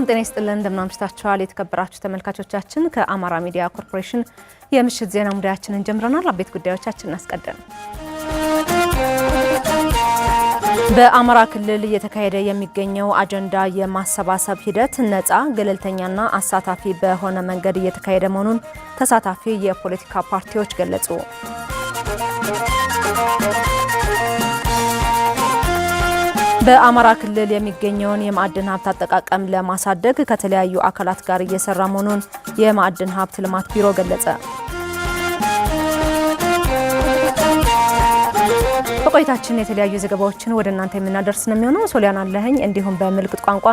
ሰላም ጤና ይስጥልን፣ እንደምን አምሽታችኋል? የተከበራችሁ ተመልካቾቻችን ከአማራ ሚዲያ ኮርፖሬሽን የምሽት ዜና ሙዳያችንን ጀምረናል። አቤት ጉዳዮቻችን አስቀድም በአማራ ክልል እየተካሄደ የሚገኘው አጀንዳ የማሰባሰብ ሂደት ነፃ ገለልተኛና አሳታፊ በሆነ መንገድ እየተካሄደ መሆኑን ተሳታፊ የፖለቲካ ፓርቲዎች ገለጹ። በአማራ ክልል የሚገኘውን የማዕድን ሀብት አጠቃቀም ለማሳደግ ከተለያዩ አካላት ጋር እየሰራ መሆኑን የማዕድን ሀብት ልማት ቢሮ ገለጸ። በቆይታችን የተለያዩ ዘገባዎችን ወደ እናንተ የምናደርስ ነው የሚሆነው። ሶሊያና አለኸኝ እንዲሁም በምልክት ቋንቋ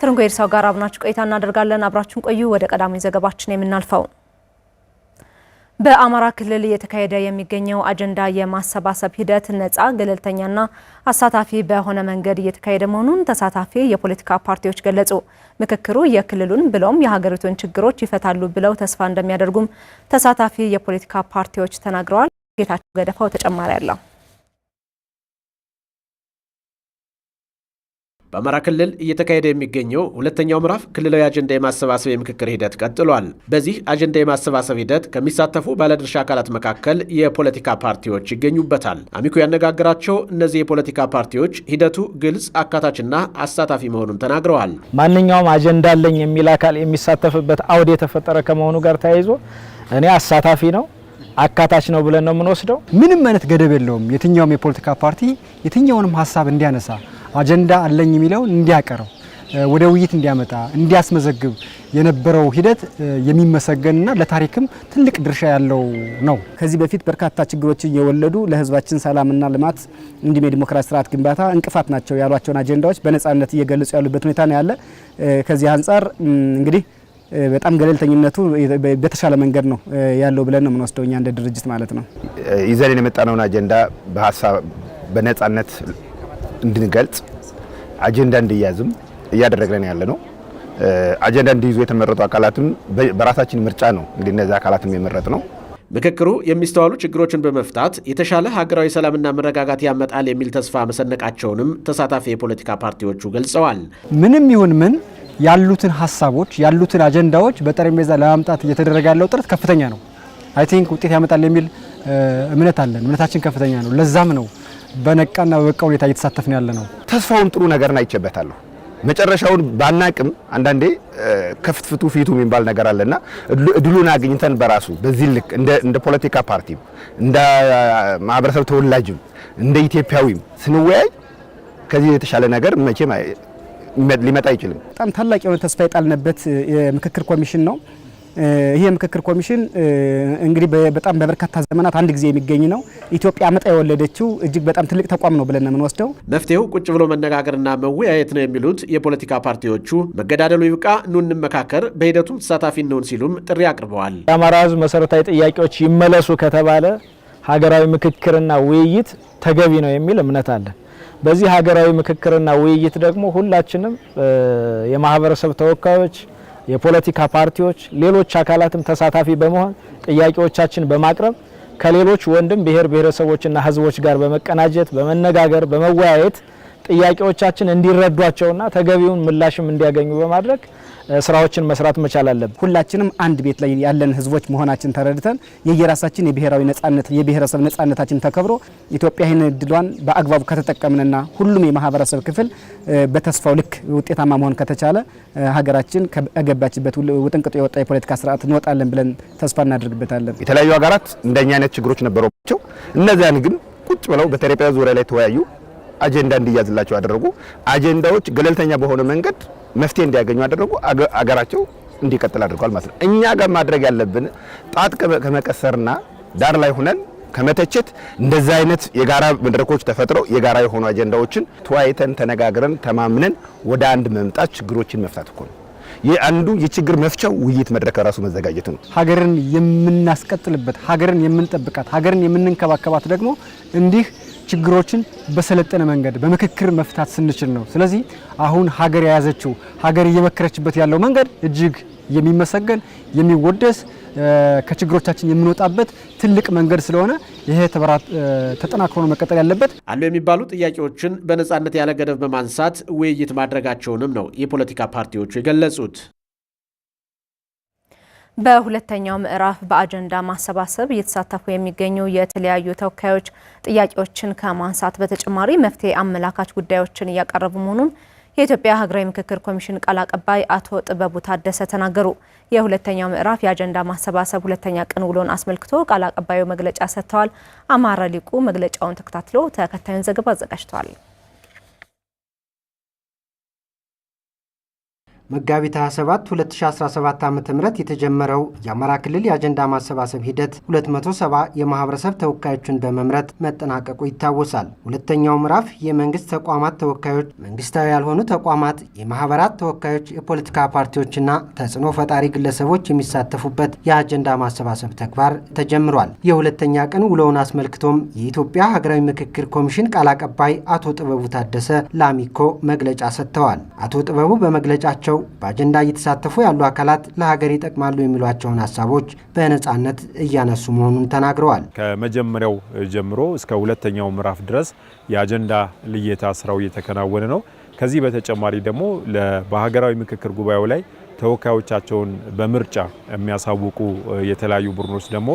ትርንጎ ኤርሳው ጋር አብናችሁ ቆይታ እናደርጋለን። አብራችሁን ቆዩ። ወደ ቀዳሚ ዘገባችን የምናልፈው በአማራ ክልል እየተካሄደ የሚገኘው አጀንዳ የማሰባሰብ ሂደት ነፃ፣ ገለልተኛና አሳታፊ በሆነ መንገድ እየተካሄደ መሆኑን ተሳታፊ የፖለቲካ ፓርቲዎች ገለጹ። ምክክሩ የክልሉን ብሎም የሀገሪቱን ችግሮች ይፈታሉ ብለው ተስፋ እንደሚያደርጉም ተሳታፊ የፖለቲካ ፓርቲዎች ተናግረዋል። ጌታቸው ገደፋው ተጨማሪ አለው። በአማራ ክልል እየተካሄደ የሚገኘው ሁለተኛው ምዕራፍ ክልላዊ አጀንዳ የማሰባሰብ የምክክር ሂደት ቀጥሏል። በዚህ አጀንዳ የማሰባሰብ ሂደት ከሚሳተፉ ባለድርሻ አካላት መካከል የፖለቲካ ፓርቲዎች ይገኙበታል። አሚኮ ያነጋግራቸው እነዚህ የፖለቲካ ፓርቲዎች ሂደቱ ግልጽ፣ አካታችና አሳታፊ መሆኑን ተናግረዋል። ማንኛውም አጀንዳ አለኝ የሚል አካል የሚሳተፍበት አውድ የተፈጠረ ከመሆኑ ጋር ተያይዞ እኔ አሳታፊ ነው አካታች ነው ብለን ነው የምንወስደው። ምንም አይነት ገደብ የለውም። የትኛውም የፖለቲካ ፓርቲ የትኛውንም ሀሳብ እንዲያነሳ አጀንዳ አለኝ የሚለው እንዲያቀርብ ወደ ውይይት እንዲያመጣ እንዲያስመዘግብ የነበረው ሂደት የሚመሰገንና ለታሪክም ትልቅ ድርሻ ያለው ነው። ከዚህ በፊት በርካታ ችግሮች እየወለዱ ለሕዝባችን ሰላምና ልማት እንዲሁም የዲሞክራሲ ስርዓት ግንባታ እንቅፋት ናቸው ያሏቸውን አጀንዳዎች በነፃነት እየገለጹ ያሉበት ሁኔታ ነው ያለ። ከዚህ አንጻር እንግዲህ በጣም ገለልተኝነቱ በተሻለ መንገድ ነው ያለው ብለን ነው የምንወስደው እኛ እንደ ድርጅት ማለት ነው። ይዘን የመጣነውን አጀንዳ በሀሳብ በነፃነት እንድንገልጽ አጀንዳ እንድያዝም እያደረግን ያለ ነው። አጀንዳ እንዲይዙ የተመረጡ አካላትም በራሳችን ምርጫ ነው እንግዲህ እነዚህ አካላትም የመረጥ ነው። ምክክሩ የሚስተዋሉ ችግሮችን በመፍታት የተሻለ ሀገራዊ ሰላምና መረጋጋት ያመጣል የሚል ተስፋ መሰነቃቸውንም ተሳታፊ የፖለቲካ ፓርቲዎቹ ገልጸዋል። ምንም ይሁን ምን ያሉትን ሀሳቦች ያሉትን አጀንዳዎች በጠረጴዛ ለማምጣት እየተደረገ ያለው ጥረት ከፍተኛ ነው። አይ ቲንክ ውጤት ያመጣል የሚል እምነት አለን። እምነታችን ከፍተኛ ነው። ለዛም ነው በነቃና በበቃ ሁኔታ እየተሳተፍን ያለ ነው። ተስፋውን ጥሩ ነገርን አይቼበታለሁ። መጨረሻውን ባናቅም አንዳንዴ ከፍትፍቱ ፊቱ የሚባል ነገር አለና እድሉን አግኝተን በራሱ በዚህ ልክ እንደ ፖለቲካ ፓርቲም እንደ ማህበረሰብ ተወላጅም እንደ ኢትዮጵያዊም ስንወያይ ከዚህ የተሻለ ነገር መቼም ሊመጣ አይችልም። በጣም ታላቅ የሆነ ተስፋ የጣልንበት የምክክር ኮሚሽን ነው። ይህ የምክክር ኮሚሽን እንግዲህ በጣም በበርካታ ዘመናት አንድ ጊዜ የሚገኝ ነው። ኢትዮጵያ መጣ የወለደችው እጅግ በጣም ትልቅ ተቋም ነው ብለን የምንወስደው። መፍትሄው ቁጭ ብሎ መነጋገርና መወያየት ነው የሚሉት የፖለቲካ ፓርቲዎቹ መገዳደሉ ይብቃ፣ ኑ እንመካከር፣ በሂደቱም ተሳታፊ እንሆን ሲሉም ጥሪ አቅርበዋል። የአማራ ሕዝብ መሰረታዊ ጥያቄዎች ይመለሱ ከተባለ ሀገራዊ ምክክርና ውይይት ተገቢ ነው የሚል እምነት አለን። በዚህ ሀገራዊ ምክክርና ውይይት ደግሞ ሁላችንም የማህበረሰብ ተወካዮች የፖለቲካ ፓርቲዎች፣ ሌሎች አካላትም ተሳታፊ በመሆን ጥያቄዎቻችን በማቅረብ ከሌሎች ወንድም ብሔር ብሔረሰቦችና ህዝቦች ጋር በመቀናጀት በመነጋገር በመወያየት ጥያቄዎቻችን እንዲረዷቸውና ተገቢውን ምላሽም እንዲያገኙ በማድረግ ስራዎችን መስራት መቻል አለብን። ሁላችንም አንድ ቤት ላይ ያለን ህዝቦች መሆናችን ተረድተን የየራሳችን የብሔራዊ ነጻነት የብሔረሰብ ነጻነታችን ተከብሮ ኢትዮጵያ ይህን እድሏን በአግባቡ ከተጠቀምንና ሁሉም የማህበረሰብ ክፍል በተስፋው ልክ ውጤታማ መሆን ከተቻለ ሀገራችን ከገባችበት ውጥንቅጡ የወጣ የፖለቲካ ስርዓት እንወጣለን ብለን ተስፋ እናደርግበታለን። የተለያዩ ሀገራት እንደኛ አይነት ችግሮች ነበረባቸው። እነዚያን ግን ቁጭ ብለው በጠረጴዛ ዙሪያ ላይ ተወያዩ፣ አጀንዳ እንዲያዝላቸው አደረጉ። አጀንዳዎች ገለልተኛ በሆነ መንገድ መፍትሄ እንዲያገኙ አደረጉ። አገራቸው እንዲቀጥል አድርጓል ማለት ነው። እኛ ጋር ማድረግ ያለብን ጣት ከመቀሰርና ዳር ላይ ሁነን ከመተቸት እንደዚህ አይነት የጋራ መድረኮች ተፈጥረው የጋራ የሆኑ አጀንዳዎችን ተወያይተን ተነጋግረን ተማምነን ወደ አንድ መምጣት ችግሮችን መፍታት እኮ ነው። አንዱ የችግር መፍቻው ውይይት መድረክ ራሱ መዘጋጀት ነው። ሀገርን የምናስቀጥልበት፣ ሀገርን የምንጠብቃት፣ ሀገርን የምንንከባከባት ደግሞ እንዲህ ችግሮችን በሰለጠነ መንገድ በምክክር መፍታት ስንችል ነው። ስለዚህ አሁን ሀገር የያዘችው ሀገር እየመከረችበት ያለው መንገድ እጅግ የሚመሰገን የሚወደስ ከችግሮቻችን የምንወጣበት ትልቅ መንገድ ስለሆነ ይሄ ተጠናክሮ ነው መቀጠል ያለበት። አሉ የሚባሉ ጥያቄዎችን በነፃነት ያለ ገደብ በማንሳት ውይይት ማድረጋቸውንም ነው የፖለቲካ ፓርቲዎቹ የገለጹት። በሁለተኛው ምዕራፍ በአጀንዳ ማሰባሰብ እየተሳተፉ የሚገኙ የተለያዩ ተወካዮች ጥያቄዎችን ከማንሳት በተጨማሪ መፍትሄ አመላካች ጉዳዮችን እያቀረቡ መሆኑን የኢትዮጵያ ሀገራዊ ምክክር ኮሚሽን ቃል አቀባይ አቶ ጥበቡ ታደሰ ተናገሩ። የሁለተኛው ምዕራፍ የአጀንዳ ማሰባሰብ ሁለተኛ ቀን ውሎን አስመልክቶ ቃል አቀባዩ መግለጫ ሰጥተዋል። አማረ ሊቁ መግለጫውን ተከታትሎ ተከታዩን ዘገባ አዘጋጅተዋል። መጋቢት 27 2017 ዓ ም የተጀመረው የአማራ ክልል የአጀንዳ ማሰባሰብ ሂደት 270 የማህበረሰብ ተወካዮችን በመምረጥ መጠናቀቁ ይታወሳል። ሁለተኛው ምዕራፍ የመንግስት ተቋማት ተወካዮች፣ መንግስታዊ ያልሆኑ ተቋማት፣ የማህበራት ተወካዮች፣ የፖለቲካ ፓርቲዎችና ተጽዕኖ ፈጣሪ ግለሰቦች የሚሳተፉበት የአጀንዳ ማሰባሰብ ተግባር ተጀምሯል። የሁለተኛ ቀን ውሎውን አስመልክቶም የኢትዮጵያ ሀገራዊ ምክክር ኮሚሽን ቃል አቀባይ አቶ ጥበቡ ታደሰ ላሚኮ መግለጫ ሰጥተዋል። አቶ ጥበቡ በመግለጫቸው በአጀንዳ እየተሳተፉ ያሉ አካላት ለሀገር ይጠቅማሉ የሚሏቸውን ሀሳቦች በነፃነት እያነሱ መሆኑን ተናግረዋል። ከመጀመሪያው ጀምሮ እስከ ሁለተኛው ምዕራፍ ድረስ የአጀንዳ ልየታ ስራው እየተከናወነ ነው። ከዚህ በተጨማሪ ደግሞ በሀገራዊ ምክክር ጉባኤው ላይ ተወካዮቻቸውን በምርጫ የሚያሳውቁ የተለያዩ ቡድኖች ደግሞ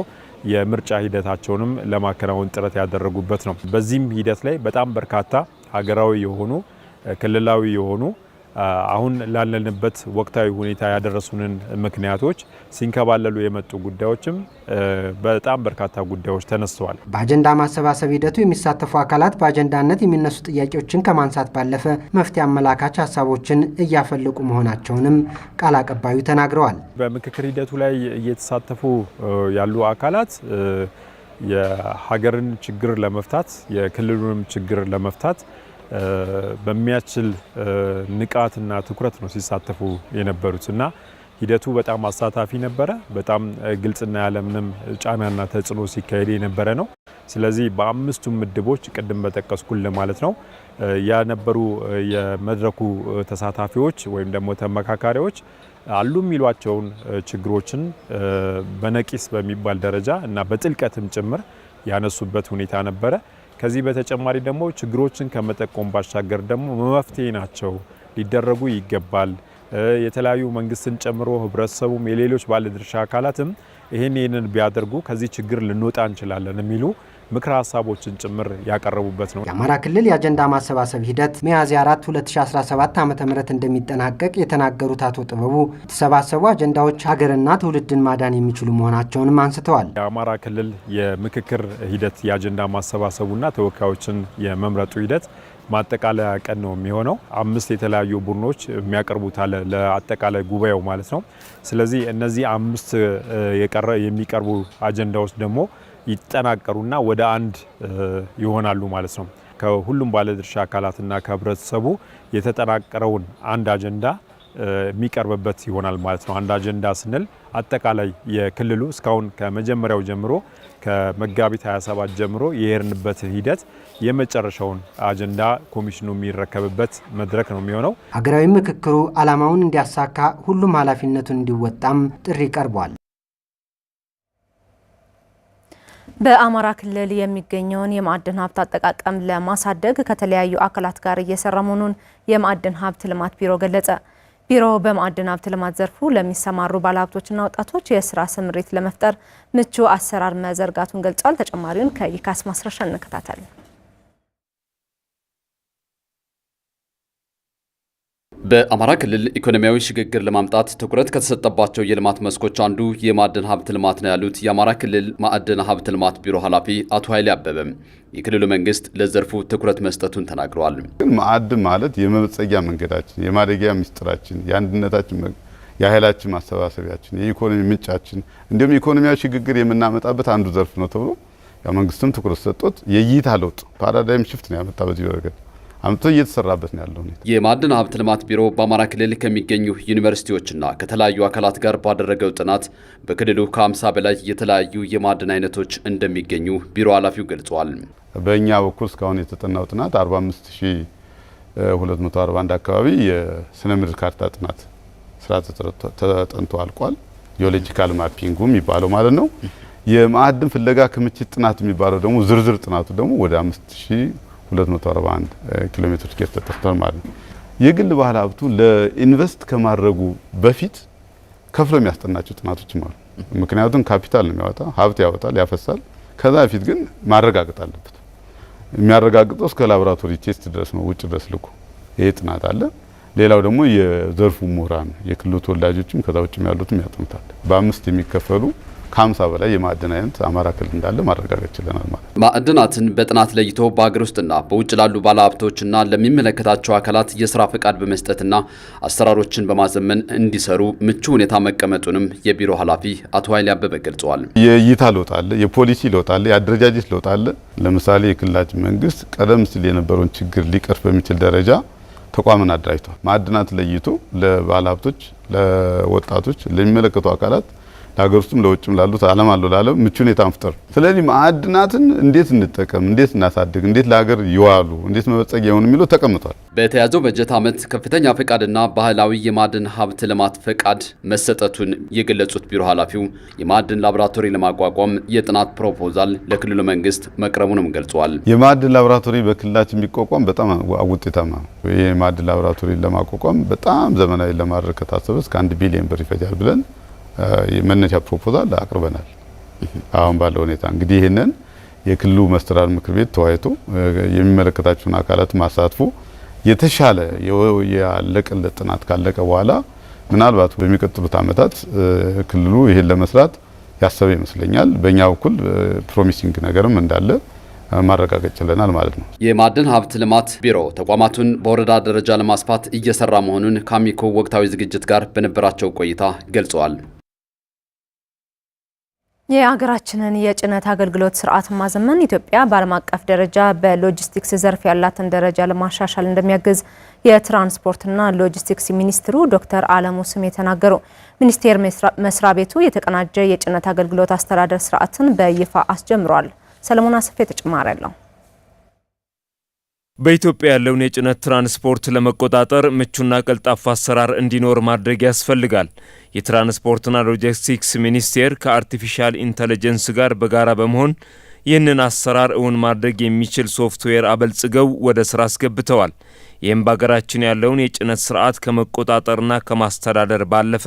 የምርጫ ሂደታቸውንም ለማከናወን ጥረት ያደረጉበት ነው። በዚህም ሂደት ላይ በጣም በርካታ ሀገራዊ የሆኑ ክልላዊ የሆኑ አሁን ላለንበት ወቅታዊ ሁኔታ ያደረሱንን ምክንያቶች ሲንከባለሉ የመጡ ጉዳዮችም በጣም በርካታ ጉዳዮች ተነስተዋል። በአጀንዳ ማሰባሰብ ሂደቱ የሚሳተፉ አካላት በአጀንዳነት የሚነሱ ጥያቄዎችን ከማንሳት ባለፈ መፍትሄ አመላካች ሀሳቦችን እያፈለቁ መሆናቸውንም ቃል አቀባዩ ተናግረዋል። በምክክር ሂደቱ ላይ እየተሳተፉ ያሉ አካላት የሀገርን ችግር ለመፍታት የክልሉንም ችግር ለመፍታት በሚያስችል ንቃትና ትኩረት ነው ሲሳተፉ የነበሩት እና ሂደቱ በጣም አሳታፊ ነበረ። በጣም ግልጽና ያለምንም ጫናና ተጽዕኖ ሲካሄድ የነበረ ነው። ስለዚህ በአምስቱም ምድቦች ቅድም በጠቀስኩል ማለት ነው ያነበሩ የመድረኩ ተሳታፊዎች ወይም ደግሞ ተመካካሪዎች አሉ የሚሏቸውን ችግሮችን በነቂስ በሚባል ደረጃ እና በጥልቀትም ጭምር ያነሱበት ሁኔታ ነበረ። ከዚህ በተጨማሪ ደግሞ ችግሮችን ከመጠቆም ባሻገር ደግሞ መፍትሄ ናቸው ሊደረጉ ይገባል። የተለያዩ መንግስትን ጨምሮ ህብረተሰቡም፣ የሌሎች ባለድርሻ አካላትም ይህን ይህንን ቢያደርጉ ከዚህ ችግር ልንወጣ እንችላለን የሚሉ ምክረ ሀሳቦችን ጭምር ያቀረቡበት ነው። የአማራ ክልል የአጀንዳ ማሰባሰብ ሂደት ሚያዝያ 4 2017 ዓ ም እንደሚጠናቀቅ የተናገሩት አቶ ጥበቡ የተሰባሰቡ አጀንዳዎች ሀገርና ትውልድን ማዳን የሚችሉ መሆናቸውንም አንስተዋል። የአማራ ክልል የምክክር ሂደት የአጀንዳ ማሰባሰቡና ተወካዮችን የመምረጡ ሂደት ማጠቃለያ ቀን ነው የሚሆነው። አምስት የተለያዩ ቡድኖች የሚያቀርቡት አለ ለአጠቃላይ ጉባኤው ማለት ነው። ስለዚህ እነዚህ አምስት የሚቀርቡ አጀንዳዎች ደግሞ ይጠናቀሩና ወደ አንድ ይሆናሉ ማለት ነው። ከሁሉም ባለድርሻ አካላትና ከህብረተሰቡ የተጠናቀረውን አንድ አጀንዳ የሚቀርብበት ይሆናል ማለት ነው። አንድ አጀንዳ ስንል አጠቃላይ የክልሉ እስካሁን ከመጀመሪያው ጀምሮ ከመጋቢት 27 ጀምሮ የሄድንበት ሂደት የመጨረሻውን አጀንዳ ኮሚሽኑ የሚረከብበት መድረክ ነው የሚሆነው። ሀገራዊ ምክክሩ ዓላማውን እንዲያሳካ ሁሉም ኃላፊነቱን እንዲወጣም ጥሪ ቀርቧል። በአማራ ክልል የሚገኘውን የማዕድን ሀብት አጠቃቀም ለማሳደግ ከተለያዩ አካላት ጋር እየሰራ መሆኑን የማዕድን ሀብት ልማት ቢሮ ገለጸ። ቢሮው በማዕድን ሀብት ልማት ዘርፉ ለሚሰማሩ ባለሀብቶችና ወጣቶች የስራ ስምሪት ለመፍጠር ምቹ አሰራር መዘርጋቱን ገልጿል። ተጨማሪውን ከኢካስ ማስረሻ እንከታተል። በአማራ ክልል ኢኮኖሚያዊ ሽግግር ለማምጣት ትኩረት ከተሰጠባቸው የልማት መስኮች አንዱ የማዕድን ሀብት ልማት ነው ያሉት የአማራ ክልል ማዕድን ሀብት ልማት ቢሮ ኃላፊ አቶ ኃይሌ አበበም የክልሉ መንግስት ለዘርፉ ትኩረት መስጠቱን ተናግረዋል። ማዕድን ማለት የመበጸጊያ መንገዳችን፣ የማደጊያ ሚስጥራችን፣ የአንድነታችን፣ የኃይላችን ማሰባሰቢያችን፣ የኢኮኖሚ ምንጫችን እንዲሁም የኢኮኖሚያዊ ሽግግር የምናመጣበት አንዱ ዘርፍ ነው ተብሎ መንግስትም ትኩረት ሰጦት የእይታ ለውጥ ፓራዳይም ሽፍት ነው ያመጣ በዚህ ረገድ አምጥቶ እየተሰራበት ነው ያለው ሁኔታ። የማዕድን ሀብት ልማት ቢሮ በአማራ ክልል ከሚገኙ ዩኒቨርሲቲዎችና ከተለያዩ አካላት ጋር ባደረገው ጥናት በክልሉ ከ50 በላይ የተለያዩ የማዕድን አይነቶች እንደሚገኙ ቢሮ ኃላፊው ገልጿል። በእኛ በኩል እስካሁን የተጠናው ጥናት 45241 አካባቢ የስነ ምድር ካርታ ጥናት ስራ ተጠንቶ አልቋል። ጂኦሎጂካል ማፒንጉ የሚባለው ማለት ነው። የማዕድን ፍለጋ ክምችት ጥናት የሚባለው ደግሞ ዝርዝር ጥናቱ ደግሞ ወደ አምስት 241 ኪሎ ሜትር ጌት ተጠፍቷል ማለት ነው። የግል ባህል ሀብቱ ለኢንቨስት ከማድረጉ በፊት ከፍሎ የሚያስጠናቸው ጥናቶችም አሉ። ምክንያቱም ካፒታል ነው የሚያወጣ ሀብት ያወጣል፣ ያፈሳል። ከዛ በፊት ግን ማረጋገጥ አለበት። የሚያረጋግጠው እስከ ላቦራቶሪ ቴስት ድረስ ነው፣ ውጭ ድረስ ልኮ ይሄ ጥናት አለ። ሌላው ደግሞ የዘርፉ ምሁራን የክልሉ ተወላጆችም ከዛ ውጭ ያሉትም ያጠኑታል። በአምስት የሚከፈሉ ከሀምሳ በላይ የማዕድን አይነት አማራ ክልል እንዳለ ማረጋገጥ ችለናል ማለት ነው። ማዕድናትን በጥናት ለይቶ በሀገር ውስጥና በውጭ ላሉ ባለሀብቶችና ለሚመለከታቸው አካላት የስራ ፈቃድ በመስጠትና አሰራሮችን በማዘመን እንዲሰሩ ምቹ ሁኔታ መቀመጡንም የቢሮ ኃላፊ አቶ ኃይሌ አበበ ገልጸዋል። የእይታ ለውጥ አለ፣ የፖሊሲ ለውጥ አለ፣ የአደረጃጀት ለውጥ አለ። ለምሳሌ የክልላችን መንግስት ቀደም ሲል የነበረውን ችግር ሊቀርፍ በሚችል ደረጃ ተቋምን አደራጅቷል። ማዕድናት ለይቶ ለባለሀብቶች፣ ለወጣቶች፣ ለሚመለከቱ አካላት ለሀገር ውስጥም ለውጭም ላሉት ዓለም አለው ላለው ምቹ ሁኔታ መፍጠር። ስለዚህ ማዕድናትን እንዴት እንጠቀም፣ እንዴት እናሳድግ፣ እንዴት ለሀገር ይዋሉ፣ እንዴት መበጸጊያ ይሆኑ የሚለው ተቀምጧል። በተያዘው በጀት ዓመት ከፍተኛ ፈቃድና ባህላዊ የማዕድን ሀብት ልማት ፈቃድ መሰጠቱን የገለጹት ቢሮ ኃላፊው የማዕድን ላቦራቶሪ ለማቋቋም የጥናት ፕሮፖዛል ለክልሉ መንግስት መቅረቡንም ገልጿል። የማዕድን ላቦራቶሪ በክልላችን የሚቋቋም በጣም ውጤታማ ነው። ይህ የማዕድን ላቦራቶሪ ለማቋቋም በጣም ዘመናዊ ለማድረግ ከታሰበ እስከ አንድ ቢሊዮን ብር ይፈጃል ብለን መነሻ ፕሮፖዛል አቅርበናል። አሁን ባለው ሁኔታ እንግዲህ ይህንን የክልሉ መስተዳድር ምክር ቤት ተወያይቶ የሚመለከታቸውን አካላት ማሳትፎ የተሻለ ያለቀለት ጥናት ካለቀ በኋላ ምናልባት በሚቀጥሉት ዓመታት ክልሉ ይህን ለመስራት ያሰበ ይመስለኛል። በእኛ በኩል ፕሮሚሲንግ ነገርም እንዳለ ማረጋገጥ ችለናል ማለት ነው። የማዕድን ሀብት ልማት ቢሮ ተቋማቱን በወረዳ ደረጃ ለማስፋት እየሰራ መሆኑን ከአሚኮ ወቅታዊ ዝግጅት ጋር በነበራቸው ቆይታ ገልጸዋል። የሀገራችንን የጭነት አገልግሎት ስርዓት ማዘመን ኢትዮጵያ በዓለም አቀፍ ደረጃ በሎጂስቲክስ ዘርፍ ያላትን ደረጃ ለማሻሻል እንደሚያግዝ የትራንስፖርትና ሎጂስቲክስ ሚኒስትሩ ዶክተር አለሙ ስሜ ተናገሩ። ሚኒስቴር መስሪያ ቤቱ የተቀናጀ የጭነት አገልግሎት አስተዳደር ስርዓትን በይፋ አስጀምሯል። ሰለሞን አስፌ ተጨማሪ አለው። በኢትዮጵያ ያለውን የጭነት ትራንስፖርት ለመቆጣጠር ምቹና ቀልጣፋ አሰራር እንዲኖር ማድረግ ያስፈልጋል። የትራንስፖርትና ሎጂስቲክስ ሚኒስቴር ከአርቲፊሻል ኢንተለጀንስ ጋር በጋራ በመሆን ይህንን አሰራር እውን ማድረግ የሚችል ሶፍትዌር አበልጽገው ወደ ስራ አስገብተዋል። ይህም በሀገራችን ያለውን የጭነት ስርዓት ከመቆጣጠርና ከማስተዳደር ባለፈ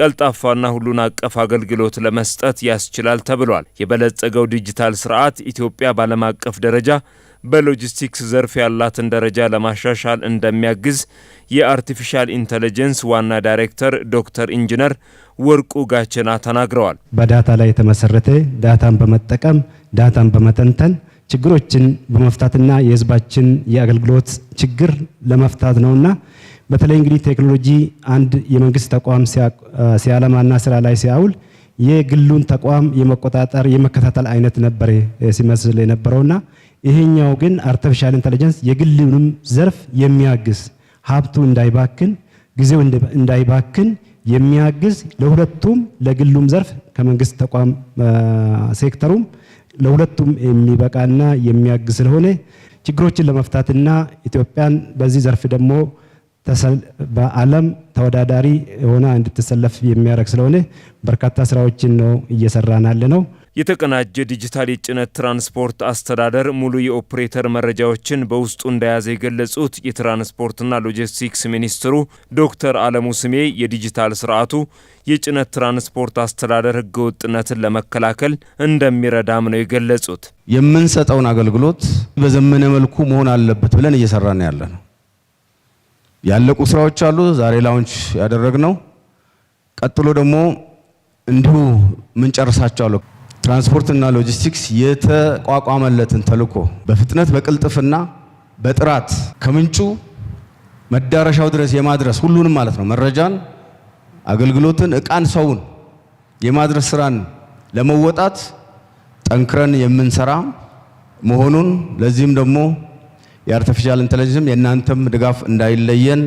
ቀልጣፋና ሁሉን አቀፍ አገልግሎት ለመስጠት ያስችላል ተብሏል። የበለጸገው ዲጂታል ስርዓት ኢትዮጵያ ባለም አቀፍ ደረጃ በሎጂስቲክስ ዘርፍ ያላትን ደረጃ ለማሻሻል እንደሚያግዝ የአርቲፊሻል ኢንተለጀንስ ዋና ዳይሬክተር ዶክተር ኢንጂነር ወርቁ ጋችና ተናግረዋል። በዳታ ላይ የተመሰረተ ዳታን በመጠቀም ዳታን በመተንተን ችግሮችን በመፍታትና የህዝባችን የአገልግሎት ችግር ለመፍታት ነውና በተለይ እንግዲህ ቴክኖሎጂ አንድ የመንግስት ተቋም ሲያለማና ስራ ላይ ሲያውል የግሉን ተቋም የመቆጣጠር የመከታተል አይነት ነበር ሲመስል የነበረውና ይሄኛው ግን አርቲፊሻል ኢንተለጀንስ የግሉንም ዘርፍ የሚያግዝ ሀብቱ እንዳይባክን፣ ጊዜው እንዳይባክን የሚያግዝ ለሁለቱም ለግሉም ዘርፍ ከመንግስት ተቋም ሴክተሩም ለሁለቱም የሚበቃና የሚያግዝ ስለሆነ ችግሮችን ለመፍታትና ኢትዮጵያን በዚህ ዘርፍ ደግሞ በዓለም ተወዳዳሪ ሆና እንድትሰለፍ የሚያደርግ ስለሆነ በርካታ ስራዎችን ነው እየሰራን ያለ ነው። የተቀናጀ ዲጂታል የጭነት ትራንስፖርት አስተዳደር ሙሉ የኦፕሬተር መረጃዎችን በውስጡ እንደያዘ የገለጹት የትራንስፖርትና ሎጂስቲክስ ሚኒስትሩ ዶክተር አለሙ ስሜ የዲጂታል ስርዓቱ የጭነት ትራንስፖርት አስተዳደር ህገወጥነትን ለመከላከል እንደሚረዳም ነው የገለጹት። የምንሰጠውን አገልግሎት በዘመነ መልኩ መሆን አለበት ብለን እየሰራን ነው ያለ ነው። ያለቁ ስራዎች አሉ፣ ዛሬ ላውንች ያደረግነው ቀጥሎ ደግሞ እንዲሁ ምንጨርሳቸው አሉ። ትራንስፖርትና ሎጂስቲክስ የተቋቋመለትን ተልዕኮ በፍጥነት በቅልጥፍና በጥራት ከምንጩ መዳረሻው ድረስ የማድረስ ሁሉንም ማለት ነው መረጃን፣ አገልግሎትን፣ እቃን፣ ሰውን የማድረስ ስራን ለመወጣት ጠንክረን የምንሰራ መሆኑን ለዚህም ደግሞ የአርቲፊሻል ኢንተለጀንስ የእናንተም ድጋፍ እንዳይለየን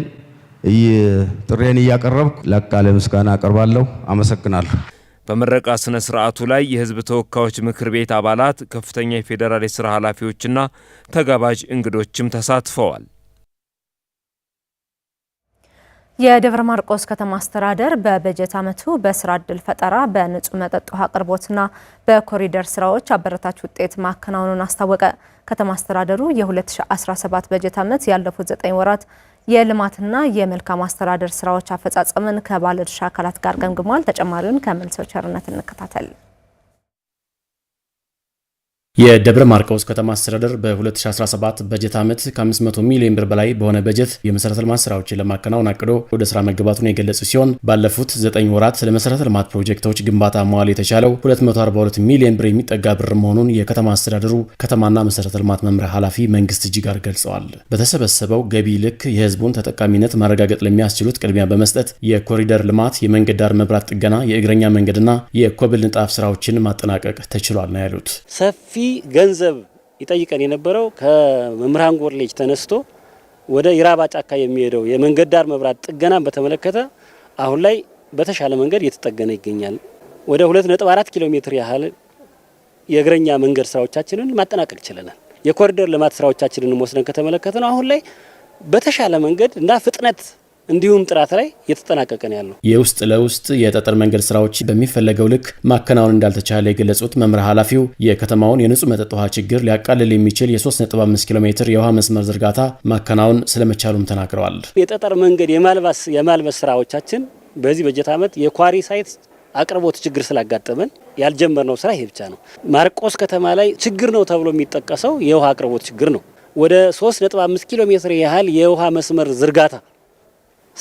ጥሬን እያቀረብኩ ለቃለ ምስጋና አቀርባለሁ። አመሰግናለሁ። በምረቃ ስነ ስርዓቱ ላይ የህዝብ ተወካዮች ምክር ቤት አባላት፣ ከፍተኛ የፌዴራል የስራ ኃላፊዎችና ተጋባዥ እንግዶችም ተሳትፈዋል። የደብረ ማርቆስ ከተማ አስተዳደር በበጀት ዓመቱ በስራ እድል ፈጠራ፣ በንጹህ መጠጥ ውሃ አቅርቦትና በኮሪደር ስራዎች አበረታች ውጤት ማከናወኑን አስታወቀ። ከተማ አስተዳደሩ የ2017 በጀት ዓመት ያለፉት ዘጠኝ ወራት የልማትና የመልካም አስተዳደር ስራዎች አፈጻጸምን ከባለድርሻ አካላት ጋር ገምግመዋል። ተጨማሪውን ከመልሰው ቸርነት እንከታተል። የደብረ ማርቆስ ከተማ አስተዳደር በ2017 በጀት ዓመት ከ500 ሚሊዮን ብር በላይ በሆነ በጀት የመሠረተ ልማት ስራዎችን ለማከናወን አቅዶ ወደ ስራ መግባቱን የገለጹ ሲሆን ባለፉት 9 ወራት ለመሠረተ ልማት ፕሮጀክቶች ግንባታ መዋል የተቻለው 242 ሚሊዮን ብር የሚጠጋ ብር መሆኑን የከተማ አስተዳደሩ ከተማና መሠረተ ልማት መምሪያ ኃላፊ መንግስት እጅጋር ገልጸዋል። በተሰበሰበው ገቢ ልክ የህዝቡን ተጠቃሚነት ማረጋገጥ ለሚያስችሉት ቅድሚያ በመስጠት የኮሪደር ልማት፣ የመንገድ ዳር መብራት ጥገና፣ የእግረኛ መንገድና የኮብል ንጣፍ ስራዎችን ማጠናቀቅ ተችሏል ነው ያሉት። ገንዘብ ይጠይቀን የነበረው ከመምህራን ልጅ ተነስቶ ወደ ኢራባ ጫካ የሚሄደው የመንገድ ዳር መብራት ጥገና በተመለከተ አሁን ላይ በተሻለ መንገድ እየተጠገነ ይገኛል። ወደ 2.4 ኪሎ ሜትር ያህል የእግረኛ መንገድ ስራዎቻችንን ማጠናቀቅ ችለናል። የኮሪደር ልማት ስራዎቻችንን ወስደን ከተመለከተ ነው አሁን ላይ በተሻለ መንገድ እና ፍጥነት እንዲሁም ጥራት ላይ እየተጠናቀቀ ነው ያለው። የውስጥ ለውስጥ የጠጠር መንገድ ስራዎች በሚፈለገው ልክ ማከናወን እንዳልተቻለ የገለጹት መምሪያ ኃላፊው የከተማውን የንጹህ መጠጥ ውሃ ችግር ሊያቃልል የሚችል የ3.5 ኪሎ ሜትር የውሃ መስመር ዝርጋታ ማከናወን ስለመቻሉም ተናግረዋል። የጠጠር መንገድ የማልበስ የማልበስ ስራዎቻችን በዚህ በጀት ዓመት የኳሪ ሳይት አቅርቦት ችግር ስላጋጠመን ያልጀመርነው ስራ ይሄ ብቻ ነው። ማርቆስ ከተማ ላይ ችግር ነው ተብሎ የሚጠቀሰው የውሃ አቅርቦት ችግር ነው። ወደ 3.5 ኪሎ ሜትር ያህል የውሃ መስመር ዝርጋታ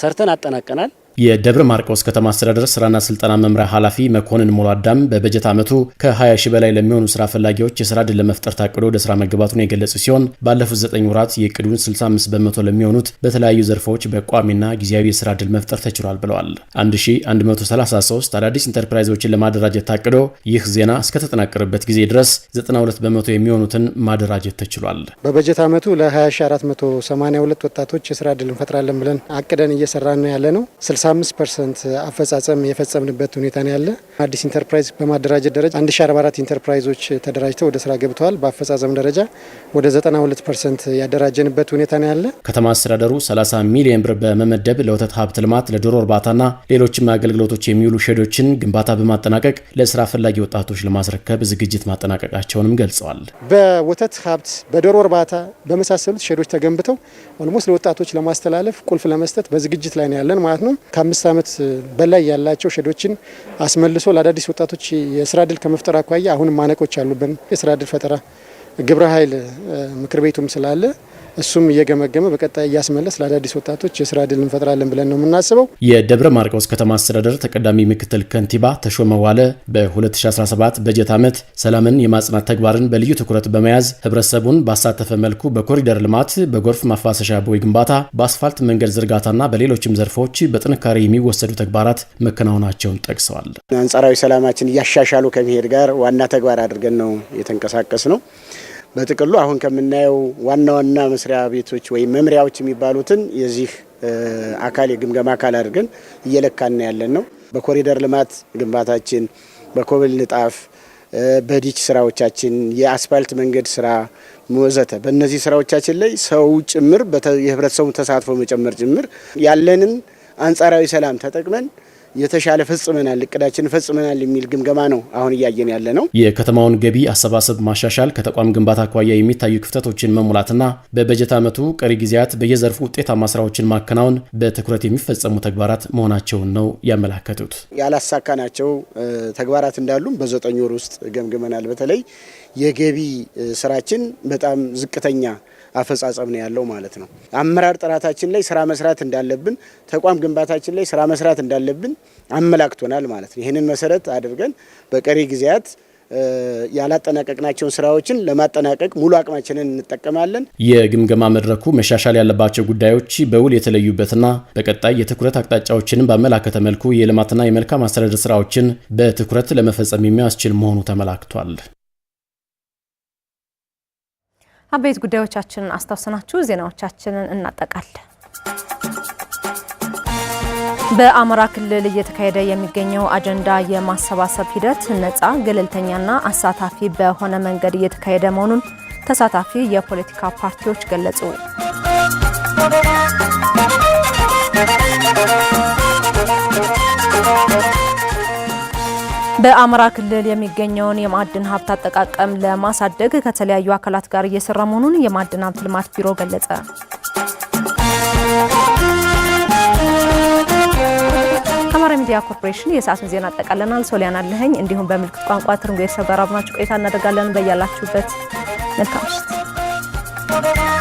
ሰርተን አጠናቀናል። የደብረ ማርቆስ ከተማ አስተዳደር ስራና ስልጠና መምሪያ ኃላፊ መኮንን ሙሉ አዳም በበጀት ዓመቱ ከ20 ሺ በላይ ለሚሆኑ ስራ ፈላጊዎች የስራ ዕድል ለመፍጠር ታቅዶ ወደ ስራ መግባቱን የገለጹ ሲሆን ባለፉት 9 ወራት የቅዱን 65 በመቶ ለሚሆኑት በተለያዩ ዘርፎች በቋሚና ጊዜያዊ የስራ ዕድል መፍጠር ተችሏል ብለዋል። 1133 አዳዲስ ኢንተርፕራይዞችን ለማደራጀት ታቅዶ ይህ ዜና እስከተጠናቀረበት ጊዜ ድረስ 92 በመቶ የሚሆኑትን ማደራጀት ተችሏል። በበጀት ዓመቱ ለ20482 ወጣቶች የስራ ዕድል እንፈጥራለን ብለን አቅደን እየሰራን ያለ ነው 65 ፐርሰንት አፈጻጸም የፈጸምንበት ሁኔታ ነው ያለ። አዲስ ኢንተርፕራይዝ በማደራጀት ደረጃ 1044 ኢንተርፕራይዞች ተደራጅተው ወደ ስራ ገብተዋል። በአፈጻጸም ደረጃ ወደ 92 ፐርሰንት ያደራጀንበት ሁኔታ ነው ያለ። ከተማ አስተዳደሩ 30 ሚሊዮን ብር በመመደብ ለወተት ሀብት ልማት፣ ለዶሮ እርባታና ሌሎችም አገልግሎቶች የሚውሉ ሼዶችን ግንባታ በማጠናቀቅ ለስራ ፈላጊ ወጣቶች ለማስረከብ ዝግጅት ማጠናቀቃቸውንም ገልጸዋል። በወተት ሀብት፣ በዶሮ እርባታ በመሳሰሉት ሼዶች ተገንብተው ኦልሞስት ለወጣቶች ለማስተላለፍ ቁልፍ ለመስጠት በዝግጅት ላይ ነው ያለን ማለት ነው። ከአምስት ዓመት በላይ ያላቸው ሼዶችን አስመልሶ ለአዳዲስ ወጣቶች የስራ እድል ከመፍጠር አኳያ አሁንም ማነቆች አሉብን። የስራ እድል ፈጠራ ግብረ ኃይል ምክር ቤቱም ስላለ እሱም እየገመገመ በቀጣይ እያስመለስ ለአዳዲስ ወጣቶች የስራ እድል እንፈጥራለን ብለን ነው የምናስበው። የደብረ ማርቆስ ከተማ አስተዳደር ተቀዳሚ ምክትል ከንቲባ ተሾመ ዋለ በ2017 በጀት ዓመት ሰላምን የማጽናት ተግባርን በልዩ ትኩረት በመያዝ ህብረተሰቡን ባሳተፈ መልኩ በኮሪደር ልማት፣ በጎርፍ ማፋሰሻ ቦይ ግንባታ፣ በአስፋልት መንገድ ዝርጋታና በሌሎችም ዘርፎች በጥንካሬ የሚወሰዱ ተግባራት መከናወናቸውን ጠቅሰዋል። አንጻራዊ ሰላማችን እያሻሻሉ ከመሄድ ጋር ዋና ተግባር አድርገን ነው የተንቀሳቀስ ነው። በጥቅሉ አሁን ከምናየው ዋና ዋና መስሪያ ቤቶች ወይም መምሪያዎች የሚባሉትን የዚህ አካል የግምገማ አካል አድርገን እየለካና ያለን ነው። በኮሪደር ልማት ግንባታችን፣ በኮብል ንጣፍ፣ በዲች ስራዎቻችን፣ የአስፋልት መንገድ ስራ ወዘተ በእነዚህ ስራዎቻችን ላይ ሰው ጭምር የህብረተሰቡ ተሳትፎ መጨመር ጭምር ያለንን አንጻራዊ ሰላም ተጠቅመን የተሻለ ፈጽመናል፣ እቅዳችን ፈጽመናል የሚል ግምገማ ነው አሁን እያየን ያለ ነው። የከተማውን ገቢ አሰባሰብ ማሻሻል፣ ከተቋም ግንባታ አኳያ የሚታዩ ክፍተቶችን መሙላትና በበጀት ዓመቱ ቀሪ ጊዜያት በየዘርፉ ውጤታማ ስራዎችን ማከናወን በትኩረት የሚፈጸሙ ተግባራት መሆናቸውን ነው ያመላከቱት። ያላሳካናቸው ተግባራት እንዳሉም በዘጠኝ ወር ውስጥ ገምግመናል። በተለይ የገቢ ስራችን በጣም ዝቅተኛ አፈጻጸም ነው ያለው ማለት ነው። አመራር ጥራታችን ላይ ስራ መስራት እንዳለብን፣ ተቋም ግንባታችን ላይ ስራ መስራት እንዳለብን አመላክቶናል ማለት ነው። ይህንን መሰረት አድርገን በቀሪ ጊዜያት ያላጠናቀቅናቸውን ስራዎችን ለማጠናቀቅ ሙሉ አቅማችንን እንጠቀማለን። የግምገማ መድረኩ መሻሻል ያለባቸው ጉዳዮች በውል የተለዩበትና በቀጣይ የትኩረት አቅጣጫዎችንም ባመላከተ መልኩ የልማትና የመልካም አስተዳደር ስራዎችን በትኩረት ለመፈጸም የሚያስችል መሆኑ ተመላክቷል። አበይት ጉዳዮቻችንን አስታውሰናችሁ ዜናዎቻችንን እናጠቃለን። በአማራ ክልል እየተካሄደ የሚገኘው አጀንዳ የማሰባሰብ ሂደት ነፃ ገለልተኛና አሳታፊ በሆነ መንገድ እየተካሄደ መሆኑን ተሳታፊ የፖለቲካ ፓርቲዎች ገለጹ። በአማራ ክልል የሚገኘውን የማዕድን ሀብት አጠቃቀም ለማሳደግ ከተለያዩ አካላት ጋር እየሰራ መሆኑን የማዕድን ሀብት ልማት ቢሮ ገለጸ። ከአማራ ሚዲያ ኮርፖሬሽን የሰዓቱን ዜና አጠቃለናል። ሶሊያና ለኸኝ እንዲሁም በምልክት ቋንቋ ትርንጎ የተሰው ጋር አብናችሁ ቆይታ እናደርጋለን። በያላችሁበት መልካም ምሽት